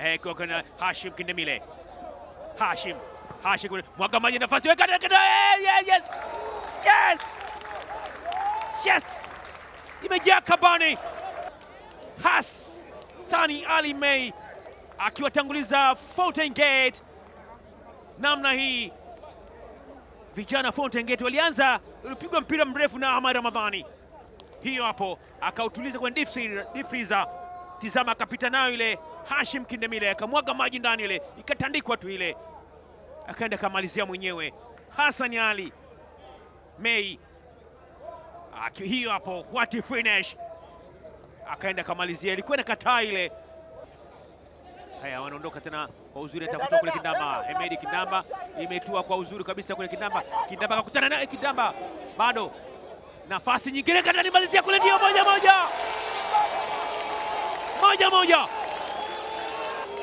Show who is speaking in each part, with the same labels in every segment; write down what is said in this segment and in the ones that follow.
Speaker 1: Heko eh, eh, uh, kuna Hashim Kindemile. Hashim Hashim mwaga maji nafasi, weka eh, yes, yes, yes, Yes. imejaa kabani. Has Sani Ali Mei akiwatanguliza Fountain Gate namna hii. Vijana Fountain Gate walianza, ulipigwa mpira mrefu na Ahmad Ramadhani, hiyo hapo akautuliza kwenye deep freezer Tizama, akapita nayo ile Hashim Kindemile, akamwaga maji ndani, ile ikatandikwa tu ile, akaenda akamalizia mwenyewe Hassan Ali Mei. Hiyo hapo, what finish! Akaenda akamalizia, ilikuwa na kataa ile. Haya, wanaondoka tena kwa uzuri, atafuta kule Kindamba. Hemedi Kindamba imetua kwa uzuri kabisa kule Kindamba. Kindamba akakutana naye Kindamba, bado nafasi nyingine, katanimalizia kule, ndio moja moja moja moja.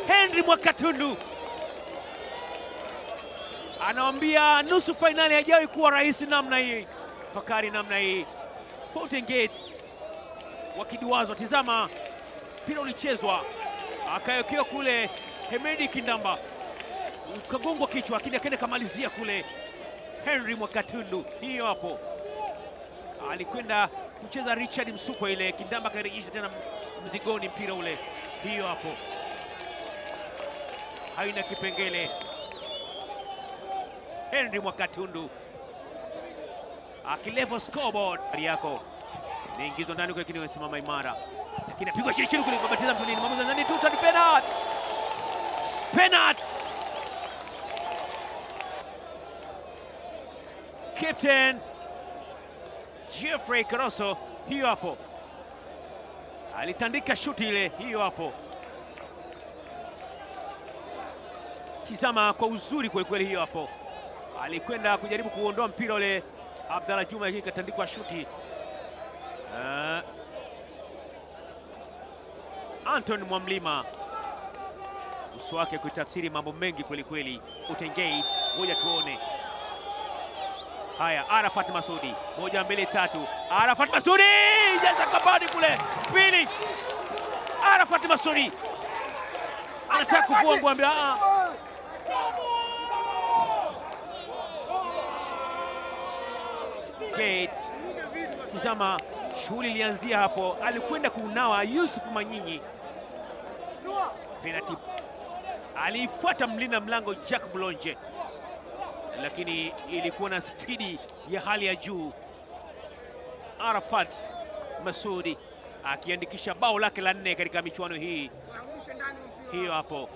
Speaker 1: Henry Mwakatundu anawambia nusu fainali haijawahi kuwa rahisi namna hii, fakari namna hii. Fountain Gate wakiduazwa, tizama mpira ulichezwa akawekewa kule Hemedi Kindamba, ukagongwa kichwa, lakini akaenda kamalizia kule Henry Mwakatundu. Hiyo hapo alikwenda kucheza Richard Msukwa, ile kindamba karejesha tena mzigoni mpira ule. Hiyo hapo haina kipengele. Henry Mwakatundu akilevo scoreboard yako inaingizwa ndani kwa kinio, simama imara, lakini apigwa chini chini kule, mtu nini, mwamuzi anadai tuta, penalty, penalty. Captain Geoffrey karoso hiyo hapo, alitandika shuti ile, hiyo hapo. Tizama kwa uzuri kwelikweli, hiyo hapo, alikwenda kujaribu kuondoa mpira ule. Abdalla Juma, hii ikatandikwa shuti. Uh, Anton Mwamlima uso wake kuitafsiri mambo mengi kwelikweli. Utengage, ngoja tuone. Haya, Arafat Masudi, moja mbili tatu. Arafat Masudi jaza kabani kule, pili. Arafat Masudi anataka kuvua nguo, ambia ah, gate. Ah. kizama, shughuli ilianzia hapo, alikwenda kuunawa Yusuf Manyinyi, penalty alifuata mlinda mlango Jack Blonje lakini ilikuwa na spidi ya hali ya juu. Arafat Masudi akiandikisha bao lake la nne katika michuano hii, hiyo hapo.